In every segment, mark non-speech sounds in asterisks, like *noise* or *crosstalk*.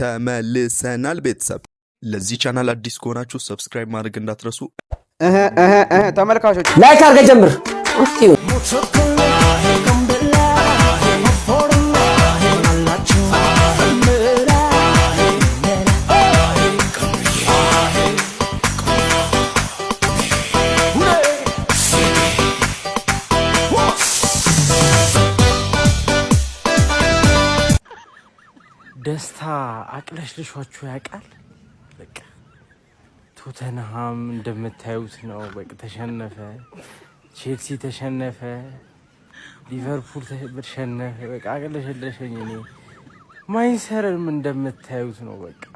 ተመልሰናል ቤተሰብ። ለዚህ ቻናል አዲስ ከሆናችሁ ሰብስክራይብ ማድረግ እንዳትረሱ ተመልካቾች። ላይክ አድርገህ ጀምር። አቅለሽልሿችሁ ያውቃል። በቃ ቶተንሃም እንደምታዩት ነው። በቃ ተሸነፈ፣ ቼልሲ ተሸነፈ፣ ሊቨርፑል ተሸነፈ። በቃ አቅለሸለሸኝ። እኔ ማይሰርም እንደምታዩት ነው። በቃ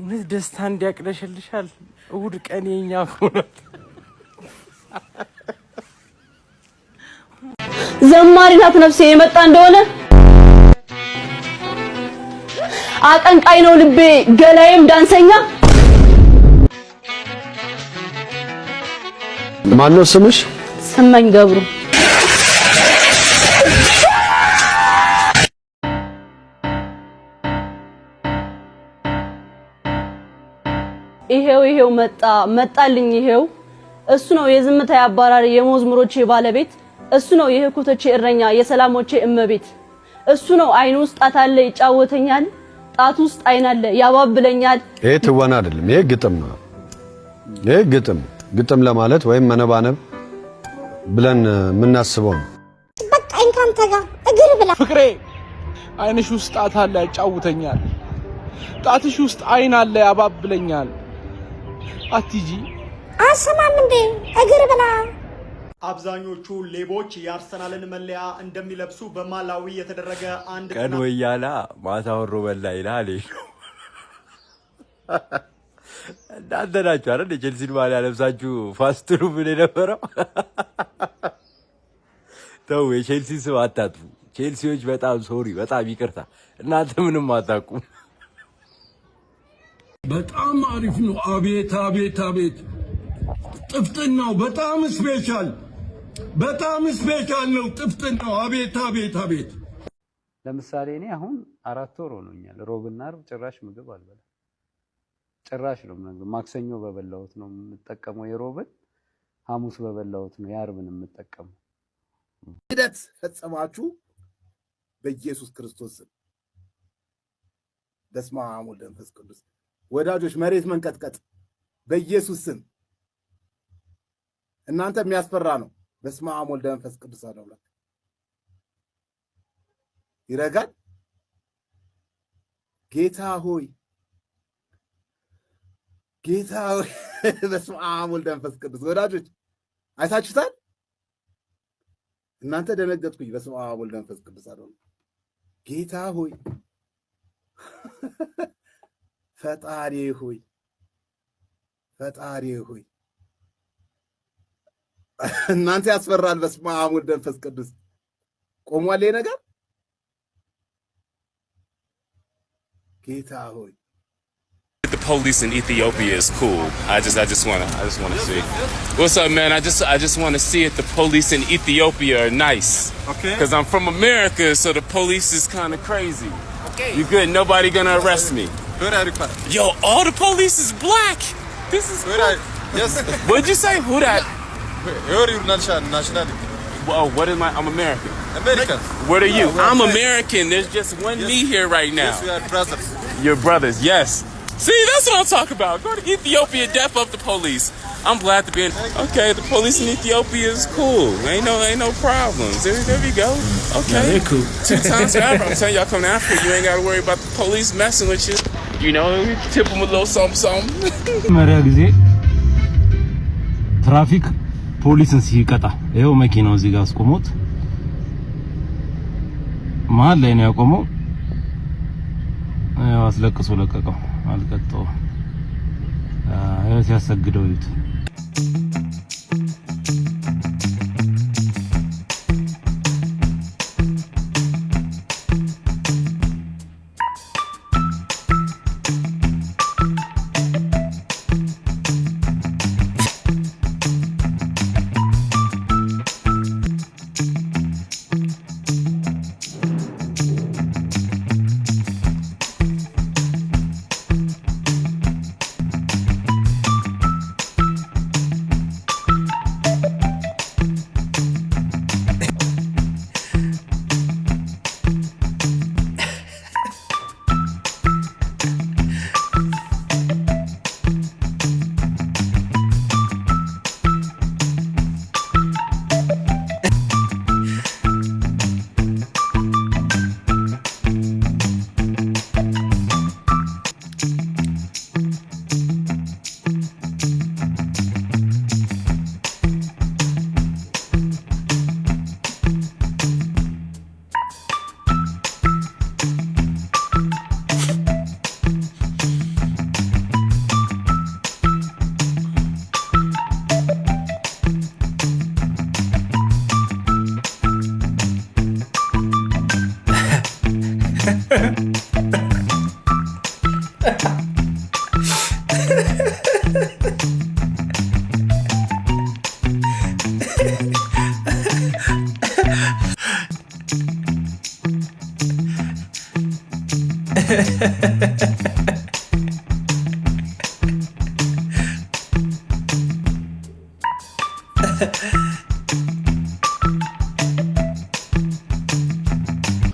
እውነት ደስታ እንዲያቅለሸልሻል። እሁድ ቀን የኛ ሆነት ዘማሪ ናት ነፍሴ የመጣ እንደሆነ አቀንቃይ ነው ልቤ ገላዬም ዳንሰኛ። ማነው ስምሽ? ስመኝ ገብሩ። ይሄው ይሄው መጣ መጣልኝ ይሄው እሱ ነው የዝምታ አባራሪ የመዝሙሮቼ ባለቤት እሱ ነው የህኩቶቼ እረኛ የሰላሞቼ እመቤት እሱ ነው አይኑ ውስጥ አታለ ይጫወተኛል ጣት ውስጥ አይን አለ ያባብለኛል። ይሄ ትወና አይደለም፣ ይሄ ግጥም ነው። ይሄ ግጥም ግጥም ለማለት ወይም መነባነብ ብለን የምናስበው ነው። በቃ እንካንተ ጋር እግር ብላ ፍቅሬ አይንሽ ውስጥ ጣት አለ ያጫውተኛል። ጣትሽ ውስጥ አይን አለ ያባብለኛል። አትጂ አሰማም እንዴ እግር ብላ አብዛኞቹ ሌቦች የአርሰናልን መለያ እንደሚለብሱ በማላዊ የተደረገ አንድ ቀን ወያላ ማታ ወሮ በላ ይላል። እናንተ ናችሁ አረ የቼልሲን ማሊያ ለብሳችሁ ፋስትሩ ምን የነበረው? ተው፣ የቼልሲ ስም አታጥፉ። ቼልሲዎች በጣም ሶሪ፣ በጣም ይቅርታ። እናንተ ምንም አታውቁም። በጣም አሪፍ ነው። አቤት አቤት አቤት ጥፍጥናው በጣም ስፔሻል በጣም ስፔሻል ነው። ጥፍጥን ነው። አቤት አቤት አቤት። ለምሳሌ እኔ አሁን አራት ወር ሆኖኛል። ሮብና ዓርብ ጭራሽ ምግብ አልበላ ጭራሽ ነው። ማክሰኞ በበላሁት ነው የምጠቀመው የሮብን፣ ሐሙስ በበላሁት ነው የዓርብን የምጠቀመው። ሂደት ፈጸማችሁ በኢየሱስ ክርስቶስ ስም። በስመ አብ ወወልድ ወመንፈስ ቅዱስ። ወዳጆች መሬት መንቀጥቀጥ በኢየሱስ ስም እናንተ የሚያስፈራ ነው። በስመ አብ ወልደ መንፈስ ቅዱስ አለ አምላክ። ይረጋል። ጌታ ሆይ ጌታ ሆይ፣ *laughs* በስመ አብ ወልደ መንፈስ ቅዱስ። ወዳጆች አይታችሁታል? እናንተ ደነገጥኩኝ። በስመ አብ ወልደ መንፈስ ቅዱስ አለ ጌታ ሆይ *laughs* ፈጣሪ ሆይ ፈጣሪ ሆይ እናንተ ያስፈራል። በስመ አብ ወወልድ ወመንፈስ ቅዱስ ቆሟል። ነገር ጌታ ሆይ The police in Ethiopia is cool. I just, I just wanna, I just wanna see. What's up, man? I just, I just wanna see if the police in Ethiopia are nice. Okay. Cause I'm from America, so the police is kind of crazy. Okay. You good? Nobody gonna arrest me. Yo, all the police is black. This is. Cool. Yes. What'd you say? Who that? Where, are your nationality? Oh, what am I? I'm American. American. What are you? No, I'm American. There's just one yes. me here right now. Yes, we are brothers. Your brothers, yes. See, that's what I'm talking about. Go to Ethiopia, death of the police. I'm glad to be in. Okay, the police in Ethiopia is cool. Ain't no, ain't no problems. There, there we go. Okay, yeah, they're cool. Two times *laughs* forever. I'm telling y'all, come after you ain't got to worry about the police messing with you. You know, tip them a little something, something. *laughs* traffic ፖሊስን ሲቀጣ ይኸው መኪናው እዚህ ጋር አስቆሞት መሀል ላይ ነው ያቆመው። ያው አስለቅሶ ለቀቀው። አልቀጠው። ያው ሲያሰግደው ይዩት።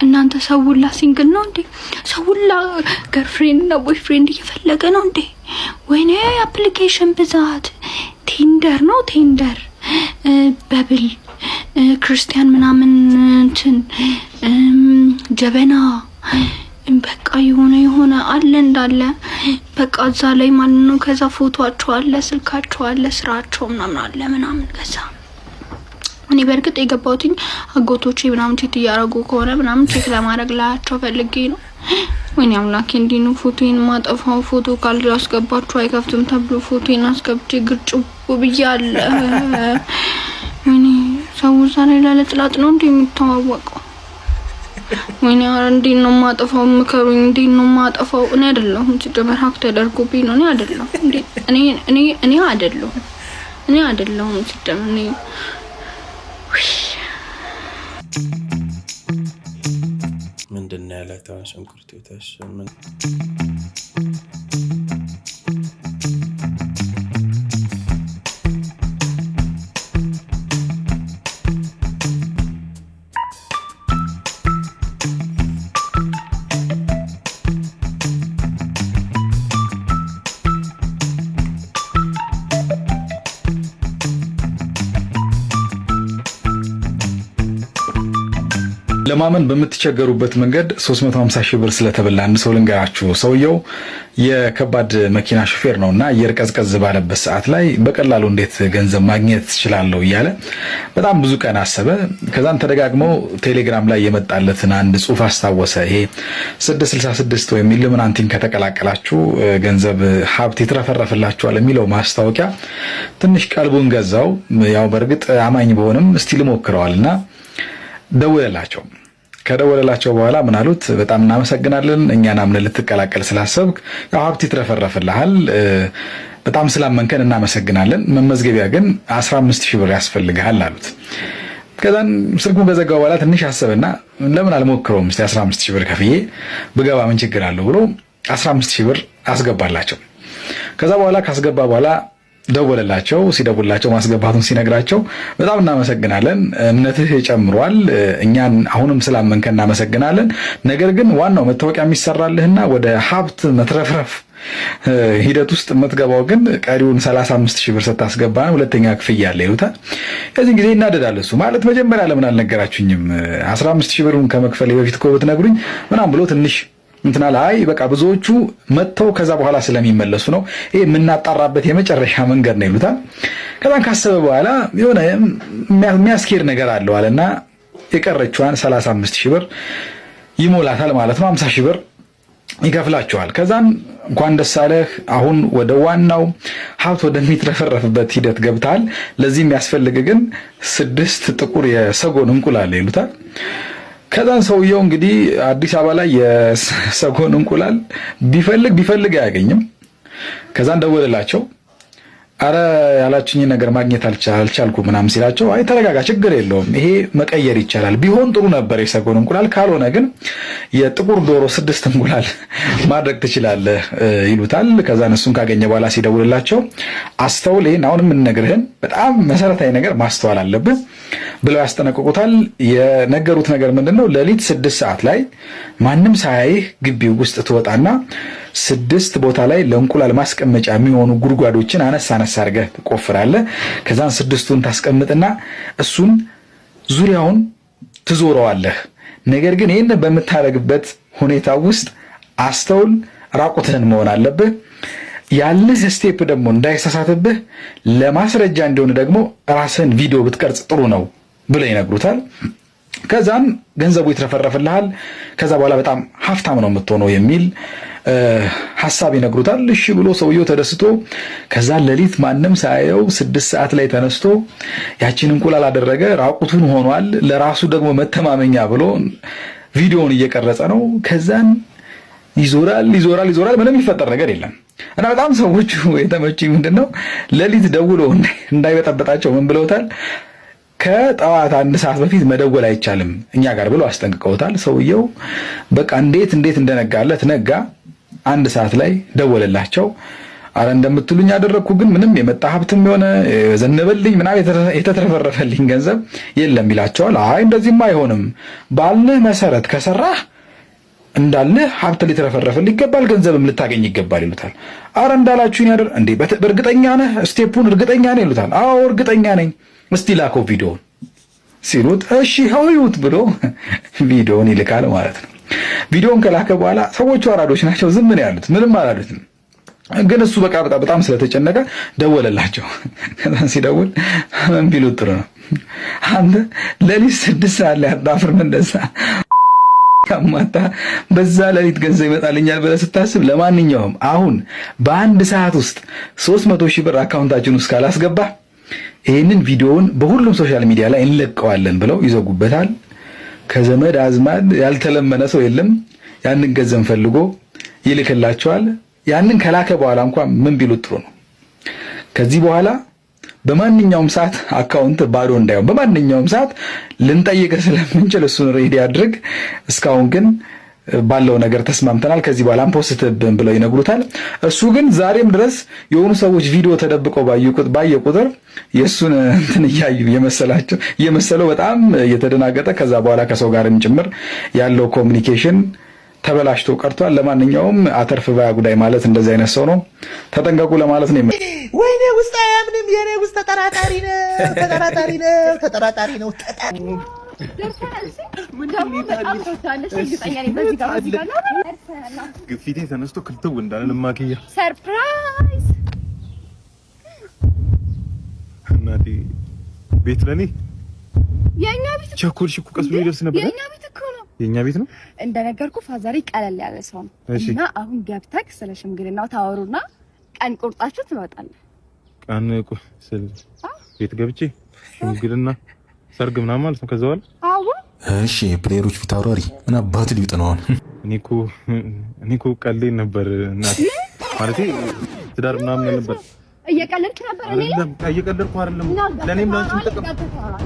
እናንተ ሰውላ ሲንግል ነው እንዴ? ሰውላ ገርፍሬንድ እና ቦይፍሬንድ እየፈለገ ነው እንዴ? ወይኔ አፕሊኬሽን ብዛት! ቲንደር ነው ቲንደር፣ በብል ክርስቲያን ምናምን እንትን ጀበና በቃ የሆነ የሆነ አለ እንዳለ በቃ እዛ ላይ ማለት ነው። ከዛ ፎቶአቸው አለ፣ ስልካቸው አለ፣ ስራቸው ምናምን አለ ምናምን። ከዛ እኔ በእርግጥ የገባሁትኝ አጎቶቼ ምናምን ቼክ እያደረጉ ከሆነ ምናምን ቼክ ለማድረግ ላያቸው ፈልጌ ነው። ወይኔ አምላኬ እንዲኑ ፎቶን ማጠፋው ፎቶ ካል አስገባችሁ አይከፍትም ተብሎ ፎቶን አስገብቼ ግርጭቡ ብዬ አለ። ወይኔ ሰው ዛሬ ላለጥላጥ ነው እንዲ የሚተዋወቅ ወይኔ ኧረ እንዴት ነው የማጠፋው? ምከሩኝ። እንዴት ነው የማጠፋው? እኔ አይደለሁም ሲጀመር ሀክ ተደርጎብኝ ነው። እኔ አይደለሁም እኔ እኔ እኔ አይደለሁም እኔ አይደለሁም ሲጀመር እኔ ምንድን ነው ያላት ሽንኩርት ቤታሽ ምን ለማመን በምትቸገሩበት መንገድ 350 ሺህ ብር ስለተበላ አንድ ሰው ልንገራችሁ። ሰውየው የከባድ መኪና ሹፌር ነውና አየር ቀዝቀዝ ባለበት ሰዓት ላይ በቀላሉ እንዴት ገንዘብ ማግኘት ትችላለሁ እያለ በጣም ብዙ ቀን አሰበ። ከዛን ተደጋግሞ ቴሌግራም ላይ የመጣለትን አንድ ጽሑፍ አስታወሰ። ይሄ 666 ወይም ኢሉሚናቲን ከተቀላቀላችሁ ገንዘብ ሀብት ይትረፈረፍላችኋል የሚለው ማስታወቂያ ትንሽ ቀልቡን ገዛው። ያው በእርግጥ አማኝ በሆንም እስቲ ሞክረዋልና ደውለላቸው። ከደወለላቸው በኋላ ምን አሉት? በጣም እናመሰግናለን እኛን አምነን ልትቀላቀል ስላሰብክ ያው ሀብት ይትረፈረፍልሃል። በጣም ስላመንከን እናመሰግናለን። መመዝገቢያ ግን 15 ሺህ ብር ያስፈልግሃል አሉት። ከዛን ስልኩን ከዘጋው በኋላ ትንሽ አሰበና ለምን አልሞክረውም እስቲ 15 ሺህ ብር ከፍዬ ብገባ ምን ችግር አለው ብሎ 15 ሺህ ብር አስገባላቸው። ከዛ በኋላ ካስገባ በኋላ ደወለላቸው። ሲደውላቸው ማስገባቱን ሲነግራቸው በጣም እናመሰግናለን፣ እምነትህ ጨምሯል፣ እኛን አሁንም ስላመንከ እናመሰግናለን። ነገር ግን ዋናው መታወቂያ የሚሰራልህና ወደ ሀብት መትረፍረፍ ሂደት ውስጥ የምትገባው ግን ቀሪውን 35 ሺህ ብር ስታስገባ ሁለተኛ ክፍያ አለ ይሉታል። ከዚህ ጊዜ ይናደዳል እሱ ማለት መጀመሪያ ለምን አልነገራችሁኝም 15 ሺህ ብሩን ከመክፈል በፊት እኮ ብትነግሩኝ ምናምን ብሎ ትንሽ እንትና ላይ በቃ ብዙዎቹ መጥተው ከዛ በኋላ ስለሚመለሱ ነው ይሄ የምናጣራበት የመጨረሻ መንገድ ነው ይሉታል። ከዛን ካሰበ በኋላ የሆነ የሚያስኬድ ነገር አለው አለና የቀረችዋን 35 ሺህ ብር ይሞላታል ማለት ነው። 50 ሺህ ብር ይከፍላቸዋል። ከዛን እንኳን ደስ አለህ፣ አሁን ወደ ዋናው ሀብት ወደሚትረፈረፍበት ሂደት ገብታል። ለዚህ የሚያስፈልግ ግን ስድስት ጥቁር የሰጎን እንቁላል ይሉታል። ከዛን ሰውየው እንግዲህ አዲስ አበባ ላይ የሰጎን እንቁላል ቢፈልግ ቢፈልግ አያገኝም። ከዛን ደወለላቸው። አረ ያላችኝ ነገር ማግኘት አልቻልኩ ምናምን ሲላቸው አይ ተረጋጋ፣ ችግር የለውም ይሄ መቀየር ይቻላል። ቢሆን ጥሩ ነበር የሰጎን እንቁላል፣ ካልሆነ ግን የጥቁር ዶሮ ስድስት እንቁላል *laughs* ማድረግ ትችላለህ ይሉታል። ከዛ እሱን ካገኘ በኋላ ሲደውልላቸው አስተውል፣ ይህን አሁን የምንነግርህን በጣም መሰረታዊ ነገር ማስተዋል አለብህ ብለው ያስጠነቅቁታል። የነገሩት ነገር ምንድን ነው? ሌሊት ስድስት ሰዓት ላይ ማንም ሳያይህ ግቢው ውስጥ ትወጣና ስድስት ቦታ ላይ ለእንቁላል ማስቀመጫ የሚሆኑ ጉድጓዶችን አነስ አነስ አድርገህ ትቆፍራለህ። ከዛን ስድስቱን ታስቀምጥና እሱን ዙሪያውን ትዞረዋለህ። ነገር ግን ይህን በምታደርግበት ሁኔታ ውስጥ አስተውል፣ ራቁትህን መሆን አለብህ። ያለህ ስቴፕ ደግሞ እንዳይሳሳትብህ ለማስረጃ እንዲሆን ደግሞ ራስህን ቪዲዮ ብትቀርጽ ጥሩ ነው ብለ ይነግሩታል። ከዛም ገንዘቡ ይትረፈረፍልሃል። ከዛ በኋላ በጣም ሀብታም ነው የምትሆነው የሚል ሀሳብ ይነግሩታል። እሺ ብሎ ሰውየው ተደስቶ ከዛ ሌሊት ማንም ሳያየው ስድስት ሰዓት ላይ ተነስቶ ያችን እንቁላል አደረገ። ራቁቱን ሆኗል። ለራሱ ደግሞ መተማመኛ ብሎ ቪዲዮውን እየቀረጸ ነው። ከዛን ይዞራል ይዞራል ይዞራል። ምንም ይፈጠር ነገር የለም። እና በጣም ሰዎቹ የተመቹ ምንድን ነው ሌሊት ደውሎ እንዳይበጠበጣቸው ምን ብለውታል? ከጠዋት አንድ ሰዓት በፊት መደወል አይቻልም እኛ ጋር ብሎ አስጠንቅቀውታል። ሰውየው በቃ እንዴት እንዴት እንደነጋለት ነጋ። አንድ ሰዓት ላይ ደወለላቸው። አረ እንደምትሉኝ ያደረግኩ ግን ምንም የመጣ ሀብትም የሆነ ዘነበልኝ ምናምን የተትረፈረፈልኝ ገንዘብ የለም ይላቸዋል። አይ እንደዚህም አይሆንም፣ ባልንህ መሰረት ከሰራህ እንዳልህ ሀብት ሊትረፈረፍልህ ይገባል፣ ገንዘብም ልታገኝ ይገባል ይሉታል። አረ እንዳላችሁኝ ያደር እንዴ፣ በእርግጠኛ ነህ? ስቴፑን እርግጠኛ ነህ ይሉታል። አዎ እርግጠኛ ነኝ፣ እስቲ ላከው ቪዲዮን ሲሉት፣ እሺ ሀውዩት ብሎ *laughs* ቪዲዮን ይልካል ማለት ነው። ቪዲዮን ከላከ በኋላ ሰዎቹ አራዶች ናቸው። ዝም ነው ያሉት፣ ምንም አላሉትም። ግን እሱ በቃ በጣም ስለተጨነቀ ደወለላቸው። ከዛን ሲደውል ምን ቢሉት ጥሩ ነው አንተ ሌሊት ስድስት ሰዓት ላይ አታፍርም? እንደዛ ከማታ በዛ ሌሊት ገንዘብ ይመጣልኛል ብለህ ስታስብ፣ ለማንኛውም አሁን በአንድ ሰዓት ውስጥ ሶስት መቶ ሺህ ብር አካውንታችን ውስጥ ካላስገባ ይህንን ቪዲዮውን በሁሉም ሶሻል ሚዲያ ላይ እንለቀዋለን ብለው ይዘጉበታል። ከዘመድ አዝማድ ያልተለመነ ሰው የለም። ያንን ገንዘብ ፈልጎ ይልክላቸዋል። ያንን ከላከ በኋላ እንኳን ምን ቢሉት ጥሩ ነው። ከዚህ በኋላ በማንኛውም ሰዓት አካውንት ባዶ እንዳይሆን በማንኛውም ሰዓት ልንጠይቅ ስለምንችል እሱን ሬዲ አድርግ። እስካሁን ግን ባለው ነገር ተስማምተናል፣ ከዚህ በኋላ አንፖስትብን ብለው ይነግሩታል። እሱ ግን ዛሬም ድረስ የሆኑ ሰዎች ቪዲዮ ተደብቀው ባየ ቁጥር የእሱን እንትን እያዩ የመሰላቸው እየመሰለው በጣም እየተደናገጠ ከዛ በኋላ ከሰው ጋርም ጭምር ያለው ኮሚኒኬሽን ተበላሽቶ ቀርቷል። ለማንኛውም አተርፍ ባያ ጉዳይ ማለት እንደዚህ አይነት ሰው ነው። ተጠንቀቁ ለማለት ነው። ወይኔ ውስጥ አያምንም። የኔ ውስጥ ተጠራጣሪ ነው፣ ተጠራጣሪ ነው፣ ተጠራጣሪ ነው። ግፊቴ ተነስቶ ክልትው እንዳለ ማክያ ሰርፕራይዝ እናቴ ቤት ለኔ የኛ ቤት ቸኮል ሽኩ ቀስ ብሎ ይደርስ ነበር። የኛ ቤት እኮ ነው፣ የኛ ቤት ነው እንደነገርኩ። ፋዛሪ ቀለል ያለ ሰው ነው እና አሁን ገብተክ ስለ ሽምግልናው ታወሩና ቀን ቁርጣችሁ ትወጣለህ። ቀን ቁ ስለ ቤት ገብቼ ሽምግልና ሰርግ ምናምን ማለት ነው። ከዛ በኋላ እሺ፣ ፕሌየሮች ፊት አውራሪ ምን አባት ሊውጥ ነው አሁን? እኔ እኮ ቀልዴን ነበር ማለት ትዳር ምናምን ነበር እየቀለድክ ነበር። እኔ እየቀለድኩ አይደለም። ለኔም ላንቺም ጥቅም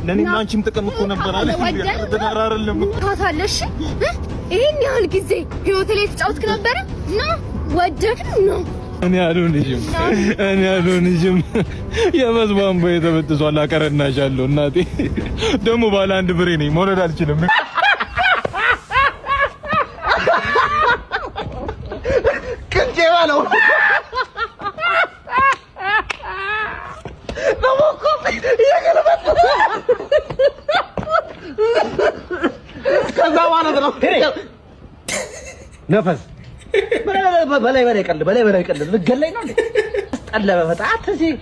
ለኔም ላንቺም ጥቅም እኮ ነበር አለ አይደለም ታታለሽ። ይሄን ያህል ጊዜ ህይወት ላይ ተጫወትክ ነበር እና ወደድክ ነው እኔ አልሆንሽም፣ እኔ አልሆንሽም። የመዝቧን ቦይ ተበጥሷል። አቀረናሻለሁ። እናቴ ደግሞ ባለ አንድ ብሬ ነኝ፣ መውለድ አልችልም። ነው ነፈስ በላይ በላይ ቀልድ በላይ በላይ ቀልድ ልገለኝ ነው ጠለበ በጣት እዚህ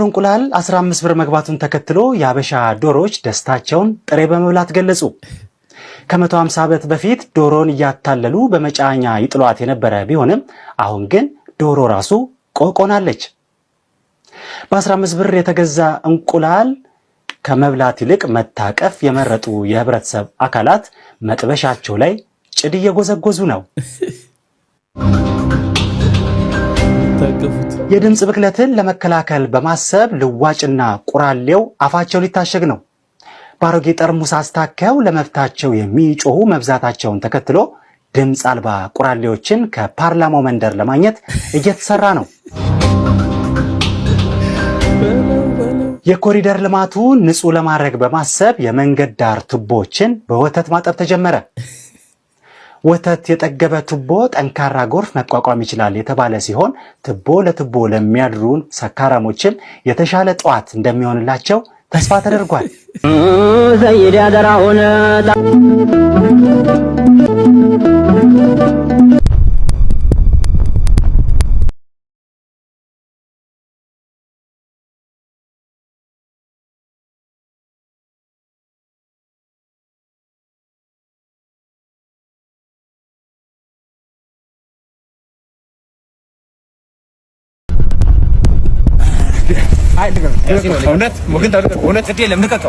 እንቁላል 15 ብር መግባቱን ተከትሎ የአበሻ ዶሮዎች ደስታቸውን ጥሬ በመብላት ገለጹ። ከ150 ዓመት በፊት ዶሮን እያታለሉ በመጫኛ ይጥሏት የነበረ ቢሆንም አሁን ግን ዶሮ ራሱ ቆቆናለች። በ15 ብር የተገዛ እንቁላል ከመብላት ይልቅ መታቀፍ የመረጡ የህብረተሰብ አካላት መጥበሻቸው ላይ ጭድ እየጎዘጎዙ ነው። የድምፅ ብክለትን ለመከላከል በማሰብ ልዋጭና ቁራሌው አፋቸው ሊታሸግ ነው። በአሮጌ ጠርሙስ አስታከው ለመብታቸው የሚጮሁ መብዛታቸውን ተከትሎ ድምፅ አልባ ቁራሌዎችን ከፓርላማው መንደር ለማግኘት እየተሰራ ነው። የኮሪደር ልማቱ ንጹህ ለማድረግ በማሰብ የመንገድ ዳር ቱቦዎችን በወተት ማጠብ ተጀመረ። ወተት የጠገበ ቱቦ ጠንካራ ጎርፍ መቋቋም ይችላል የተባለ ሲሆን ቱቦ ለቱቦ ለሚያድሩን ሰካራሞችም የተሻለ ጠዋት እንደሚሆንላቸው ተስፋ ተደርጓል።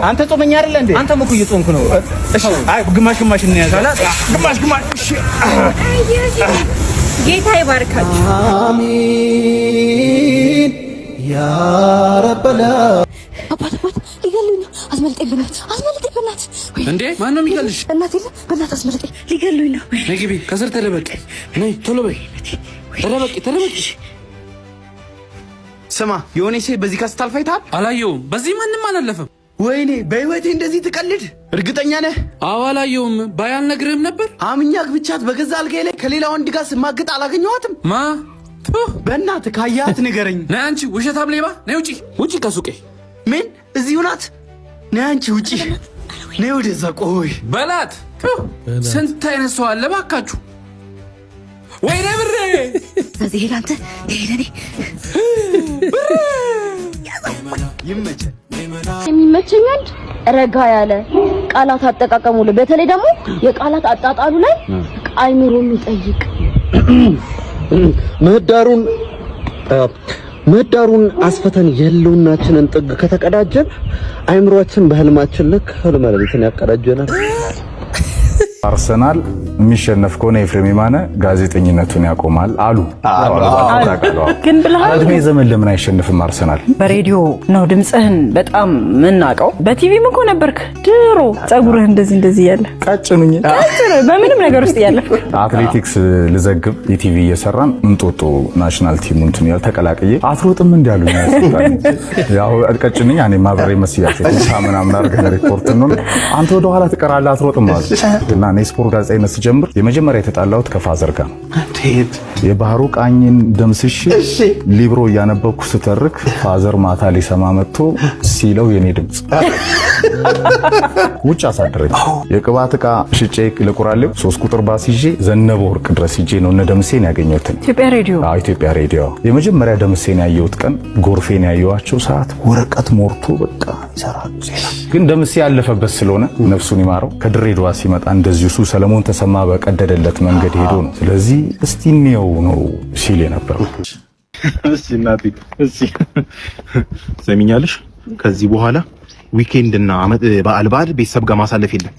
አንተ ጾመኛ አይደለ እንዴ? አንተም እኮ እየጾምክ ነው። እሺ፣ አይ ግማሽ ግማሽ ጌታ ይባርካችሁ። አሚን ያ ረበላ አባት አባት ሊገሉኝ ነው። አስመልጠኝ በእናት አስመልጠኝ በእናት። እንዴ ማን ነው የሚገልሽ? እናት የለም በእናት አስመልጠኝ፣ ሊገሉኝ ነው። ነይ ግቢ፣ ከስር ተደበቂ፣ ነይ ቶሎ በይ፣ ተደበቂ፣ ተደበቂ ስማ የሆነ ሴት በዚህ ጋር ስታልፍ አላየውም። በዚህ ማንም አላለፈም። ወይኔ በህይወቴ እንደዚህ ትቀልድ? እርግጠኛ ነህ? አዎ አላየውም። ባይ አልነግርህም ነበር። አምኛክ ብቻት በገዛ አልጋዬ ላይ ከሌላ ወንድ ጋር ስማግጥ አላገኘኋትም። ማ በእናት ካያት ንገረኝ። ነይ አንቺ ውሸታም ሌባ ነይ ውጪ፣ ውጪ ከሱቄ። ምን እዚሁ ናት? ነይ አንቺ ውጪ፣ ነይ ወደዛ። ቆይ በላት። ስንት አይነት ሰው አለ ባካችሁ ወይኔ ብሬ እዚህ ሄድ አንተ የሚመቸኝ ወንድ ረጋ ያለ ቃላት አጠቃቀሙ ላይ በተለይ ደግሞ የቃላት አጣጣሉ ላይ አይምሮ የሚጠይቅ ምህዳሩን ምህዳሩን አስፈተን የህልውናችንን ጥግ ከተቀዳጀን አይምሮአችን በህልማችን ልክ ህልመ ያቀዳጀናል። አርሰናል የሚሸነፍ ከሆነ ኤፍሬም የማነ ጋዜጠኝነቱን ያቆማል አሉ። ግን እድሜ ዘመን ለምን አይሸንፍም አርሰናል? በሬዲዮ ነው ድምፅህን በጣም ምናቀው። በቲቪም እኮ ነበርክ ድሮ። ጸጉርህ እንደዚህ እንደዚህ እያለ ቀጭኑኝ፣ በምንም ነገር ውስጥ እያለ አትሌቲክስ ልዘግብ የቲቪ እየሰራን እንጦጦ ናሽናል ቲሙ እንትን ያል ተቀላቅዬ አትሮጥም እንዲያሉ ያው ቀጭኑኝ እኔ ማበሬ መስያቸው ምናምን አድርገን ሪፖርት ነው አንተ ወደኋላ ትቀራለህ አትሮጥም አሉ እና የስፖርት ጋዜጠኝነት ስጀምር የመጀመሪያ የተጣላሁት ከፋዘር ጋር ነው። የባህሩ ቃኝን ደምስሽ ሊብሮ እያነበብኩ ስተርክ ፋዘር ማታ ሊሰማ መጥቶ ሲለው የኔ ድምፅ ውጭ አሳደረኝ። የቅባት እቃ ሽጬ ለቁራሌው ሶስት ቁጥር ባስ ይዤ ዘነበ ወርቅ ድረስ ይዤ ነው እነ ደምሴን ያገኘሁትን። ኢትዮጵያ ሬዲዮ የመጀመሪያ ደምሴን ያየሁት ቀን ጎርፌን ያየኋቸው ሰዓት ወረቀት ሞርቶ በቃ ይሰራሉ ዜና። ግን ደምሴ ያለፈበት ስለሆነ ነፍሱን ይማረው ከድሬዳዋ ሲመጣ እንደዚሁ እሱ ሰለሞን ተሰማ በቀደደለት መንገድ ሄዶ ነው። ስለዚህ እስቲ እንየው ነው ሲል የነበረው። ሰሚኛለሽ ከዚህ በኋላ ዊኬንድ እና አመት በዓል በዓል ቤተሰብ ጋር ማሳለፍ የለም።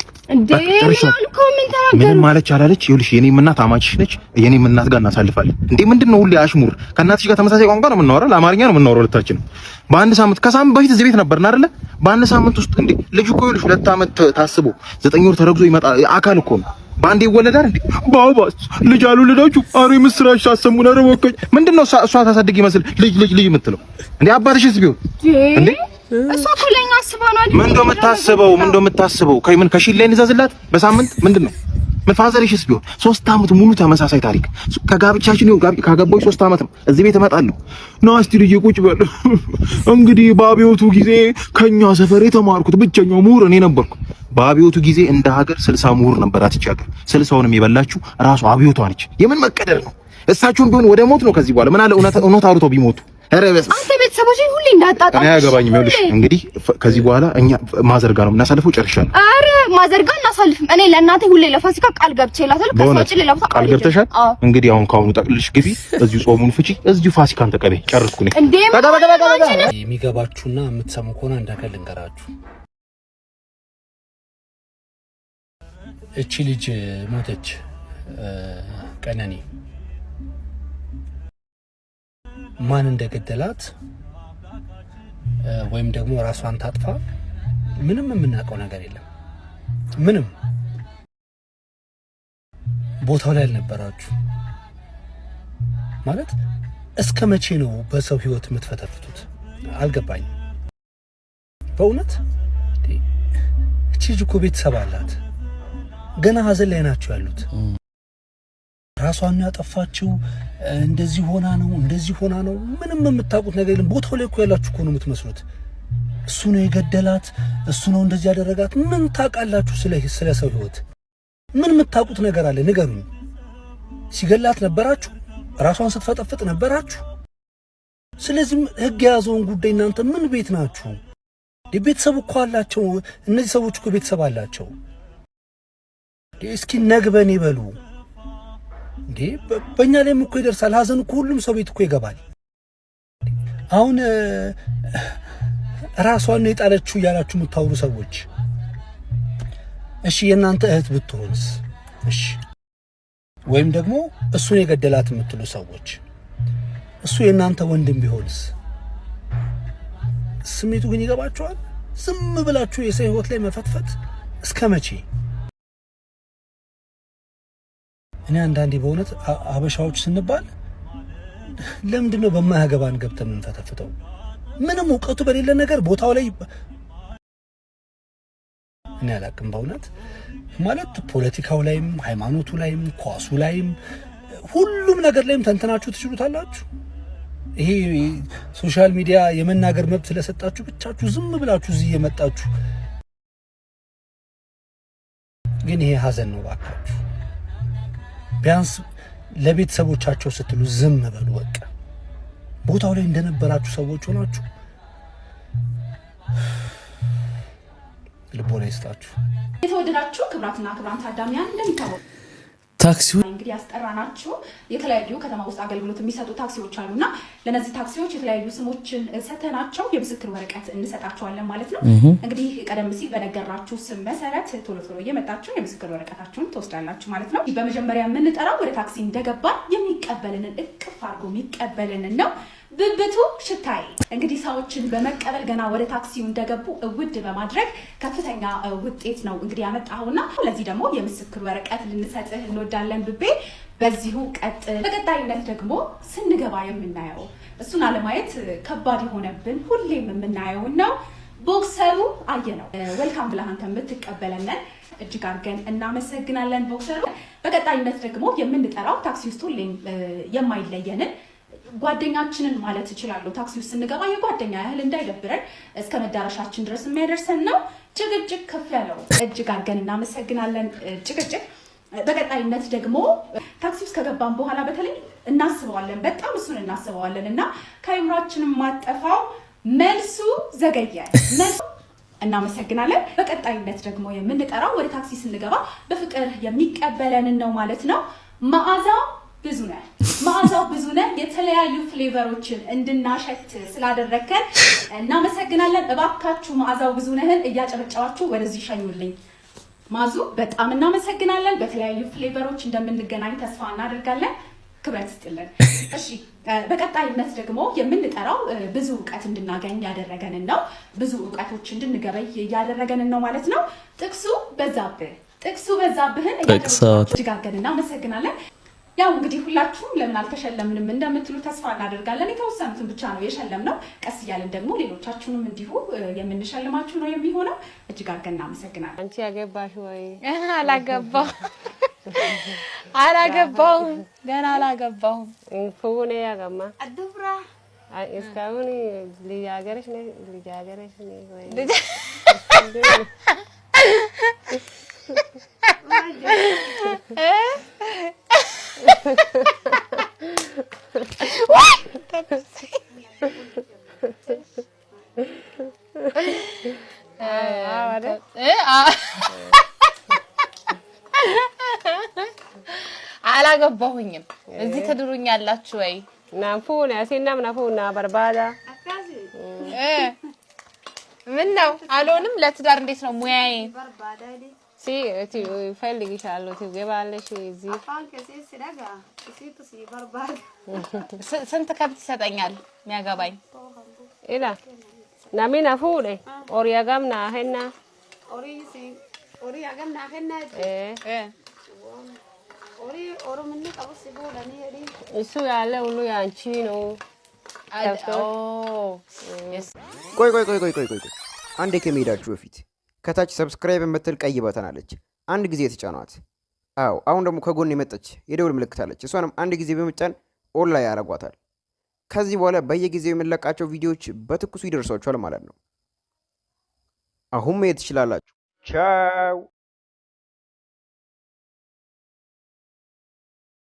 ምንም አለች አላለች፣ ይኸውልሽ የኔም እናት አማችሽ ነች። የኔም እናት ጋር እናሳልፋለን። እንዴ ምንድን ነው ሁሌ አሽሙር? ከእናትሽ ጋር ተመሳሳይ ቋንቋ ነው የምናወራው፣ ለአማርኛ ነው የምናወራው ሁለታችንም። በአንድ ሳምንት ከሳምንት በፊት እዚህ ቤት ነበርን አይደለ? በአንድ ሳምንት ውስጥ እንዴ ልጅ እኮ ይኸውልሽ ሁለት አመት ታስቦ ዘጠኝ ወር ተረግዞ ይመጣል። አካል እኮ ነው በአንድ ይወለዳል። እንዴ ባባስ ልጅ አሉ ልዳችሁ አሪ ምስራች ታሰሙን። አረ ወከኝ ምንድን ነው እሷ ታሳድግ ይመስል ልጅ ልጅ ልጅ የምትለው እንዴ አባትሽስ ቢሆን እንዴ እሷ እኮ ለኛ አስባ ነው አይደል? ምን እንደምታስበው ምን እንደምታስበው ከምን ከሺል ላይ እንዛዝላት በሳምንት ምንድን ነው መፋዘርሽስ ቢሆን ሶስት አመት ሙሉ ተመሳሳይ ታሪክ ከጋብቻችን ነው ጋብ ካገባሁሽ ሶስት አመት ነው። እዚህ ቤት እመጣለሁ ነው እስቲ ልጅ ቁጭ በል *laughs* እንግዲህ በአብዮቱ ጊዜ ከኛ ሰፈር የተማርኩት ብቸኛው ምሁር እኔ ነበርኩ። በአብዮቱ ጊዜ እንደ ሀገር ስልሳ ምሁር ነበር። አትቻገር ስልሳውንም የበላችሁ ራሱ አብዮቷ ነች። የምን መቀደር ነው? እሳችሁ ቢሆን ወደ ሞት ነው ከዚህ በኋላ ምን አለ እውነት አውርተው ቢሞቱ አንተ ቤተሰቦችን ሁሌ እንዳጣጣ አያገባኝም። ይኸውልሽ እንግዲህ ከዚህ በኋላ እኛ ማዘርጋ ነው የምናሳልፈው። ጨርሻለሁ። አረ ማዘርጋ እናሳልፍም። እኔ ለእናቴ ሁሌ ለፋሲካ ቃል ገብቼ ላታል። ከሳጭ ሌላ ቦታ ቃል ገብተሻል። እንግዲህ አሁን ካሁኑ ጠቅልሽ ግቢ፣ እዚሁ ጾሙን ፍጪ፣ እዚሁ ፋሲካን ተቀበይ። ጨርኩ ነኝ። የሚገባችሁና የምትሰሙ ከሆነ እንዳቀል ልንገራችሁ። እቺ ልጅ ሞተች፣ ቀነኒ ማን እንደገደላት ወይም ደግሞ ራሷን ታጥፋ ምንም የምናውቀው ነገር የለም። ምንም ቦታው ላይ አልነበራችሁ ማለት እስከ መቼ ነው በሰው ህይወት የምትፈተፍቱት? አልገባኝም በእውነት እቺ እኮ ቤተሰብ አላት። ገና ሀዘን ላይ ናቸው ያሉት። ራሷን ያጠፋችው እንደዚህ ሆና ነው እንደዚህ ሆና ነው። ምንም የምታውቁት ነገር የለም። ቦታው ላይ እኮ ያላችሁ እኮ ነው የምትመስሉት። እሱ ነው የገደላት፣ እሱ ነው እንደዚህ ያደረጋት። ምን ታውቃላችሁ ስለ ሰው ህይወት? ምን የምታውቁት ነገር አለ? ንገሩኝ። ሲገላት ነበራችሁ? ራሷን ስትፈጠፍጥ ነበራችሁ? ስለዚህ ህግ የያዘውን ጉዳይ እናንተ ምን ቤት ናችሁ? ቤተሰብ እኮ አላቸው እነዚህ ሰዎች እኮ ቤተሰብ አላቸው። እስኪ ነግበን ይበሉ። እንዴ በእኛ ላይም እኮ ይደርሳል። ሀዘን እኮ ሁሉም ሰው ቤት እኮ ይገባል። አሁን ራሷን ነው የጣለችው እያላችሁ የምታወሩ ሰዎች እሺ፣ የእናንተ እህት ብትሆንስ? እሺ፣ ወይም ደግሞ እሱን የገደላት የምትሉ ሰዎች እሱ የእናንተ ወንድም ቢሆንስ? ስሜቱ ግን ይገባችኋል? ዝም ብላችሁ የሰው ህይወት ላይ መፈትፈት እስከ መቼ? እኔ አንዳንዴ በእውነት አበሻዎች ስንባል ለምንድን ነው በማያገባን ገብተ የምንፈተፍተው? ምንም እውቀቱ በሌለ ነገር ቦታው ላይ እኔ አላቅም በእውነት ማለት ፖለቲካው ላይም ሃይማኖቱ ላይም ኳሱ ላይም ሁሉም ነገር ላይም ተንትናችሁ ትችሉታላችሁ። ይሄ ሶሻል ሚዲያ የመናገር መብት ስለሰጣችሁ ብቻችሁ ዝም ብላችሁ እዚህ እየመጣችሁ ግን ይሄ ሀዘን ነው ባካችሁ። ቢያንስ ለቤተሰቦቻቸው ስትሉ ዝም በሉ። በቃ ቦታው ላይ እንደነበራችሁ ሰዎች ሆናችሁ ልቦና ይስጣችሁ። የተወደዳችሁ ክብራትና ክብራን ታዳሚያን እንደሚታወቁ ታክሲዎች እንግዲህ ያስጠራናቸው የተለያዩ ከተማ ውስጥ አገልግሎት የሚሰጡ ታክሲዎች እና ለነዚህ ታክሲዎች የተለያዩ ስሞችን ሰተናቸው የምስክር ወረቀት እንሰጣቸዋለን ማለት ነው። እንግዲህ ቀደም ሲል በነገራችሁ ስም መሰረት ቶሎ ቶሎ እየመጣችሁ የምስክር ወረቀታችሁን ትወስዳላችሁ ማለት ነው። በመጀመሪያ የምንጠራው ወደ ታክሲ እንደገባ የሚቀበልንን እቅፍ አድርጎ የሚቀበልንን ነው። ብብቱ ሽታዬ እንግዲህ ሰዎችን በመቀበል ገና ወደ ታክሲው እንደገቡ ውድ በማድረግ ከፍተኛ ውጤት ነው እንግዲህ ያመጣኸውና ለዚህ ደግሞ የምስክር ወረቀት ልንሰጥህ እንወዳለን ብቤ በዚሁ ቀጥል። በቀጣይነት ደግሞ ስንገባ የምናየው እሱን አለማየት ከባድ የሆነብን ሁሌም የምናየውን ነው። ቦክሰሩ አየነው ወልካም ብለህ አንተ እጅግ አድርገን እናመሰግናለን ቦክሰሩ። በቀጣይነት ደግሞ የምንጠራው ታክሲ ውስጥ ሁሌም የማይለየንን ጓደኛችንን ማለት እችላለሁ። ታክሲ ውስጥ ስንገባ የጓደኛ ያህል እንዳይደብረን እስከ መዳረሻችን ድረስ የሚያደርሰን ነው። ጭቅጭቅ ከፍ ያለው እጅግ አድርገን እናመሰግናለን። ጭቅጭቅ በቀጣይነት ደግሞ ታክሲ ውስጥ ከገባን በኋላ በተለይ እናስበዋለን፣ በጣም እሱን እናስበዋለን እና ከአይምሯችንም ማጠፋው መልሱ ዘገያል። መልሱ እናመሰግናለን። በቀጣይነት ደግሞ የምንጠራው ወደ ታክሲ ስንገባ በፍቅር የሚቀበለንን ነው ማለት ነው። መዓዛ ብዙ ነህ፣ መዓዛው ብዙ ነ የተለያዩ ፍሌቨሮችን እንድናሸት ስላደረግከን እናመሰግናለን። እባካችሁ መዓዛው ብዙ ነህን እያጨበጨባችሁ ወደዚህ ሸኙልኝ። ማዙ በጣም እናመሰግናለን። በተለያዩ ፍሌቨሮች እንደምንገናኝ ተስፋ እናደርጋለን። ክብረት ስጥልን። እሺ፣ በቀጣይነት ደግሞ የምንጠራው ብዙ እውቀት እንድናገኝ ያደረገንን ነው። ብዙ እውቀቶች እንድንገበይ እያደረገንን ነው ማለት ነው። ጥቅሱ በዛብህ ጥቅሱ በዛብህን እጅጋገን እናመሰግናለን። ያው እንግዲህ ሁላችሁም ለምን አልተሸለምንም እንደምትሉ ተስፋ እናደርጋለን። የተወሰኑትን ብቻ ነው የሸለም ነው። ቀስ እያለን ደግሞ ሌሎቻችሁንም እንዲሁ የምንሸልማችሁ ነው የሚሆነው። እጅግ አድርገን እናመሰግናለን። አንቺ ያገባሽ ወይ? *laughs* አላገባሁ *laughs* አላገባሁም፣ ገና አላገባሁም። ፍቡነ ያገማ አዱብራ እስካሁን ልጅ ሀገርሽ ነ ልጅ ሀገርሽ ነ ወይ ልጅ *laughs* አላገባሁኝም። እዚህ ትድሩኛላችሁ ወይ? ናፉና ያሴናም ናፉና በርባዳ ምን ነው አልሆንም። ለትዳር እንዴት ነው ሙያዬ? Sì, Felli che c'ha lo ti che balle ci sì. Anche se si raga, si tu si barbar. ስንት ከብት ይሰጠኛል የሚያገባኝ? ኢላ ናሚ ናፉ ላይ ኦሪያ ጋም ና ሄና ኦሪ ሲ ኦሪያ ጋም ና ሄና እ እ ኦሪ ኦሮምኒ ቀቡ ሲቡ ለኒ ሄዲ እሱ ያለ ሁሉ ያንቺ ነው። ቆይ ቆይ ቆይ ቆይ ቆይ ቆይ አንዴ ከመሄዳችሁ በፊት ከታች ሰብስክራይብ የምትል ቀይ በተን አለች። አንድ ጊዜ የተጫኗት። አዎ አሁን ደግሞ ከጎን የመጠች የደውል ምልክት አለች። እሷንም አንድ ጊዜ በመጫን ኦን ላይ ከዚህ በኋላ በየጊዜው የምንለቃቸው ቪዲዮዎች በትኩሱ ይደርሷችኋል ማለት ነው። አሁን መሄድ ትችላላችሁ። ቻው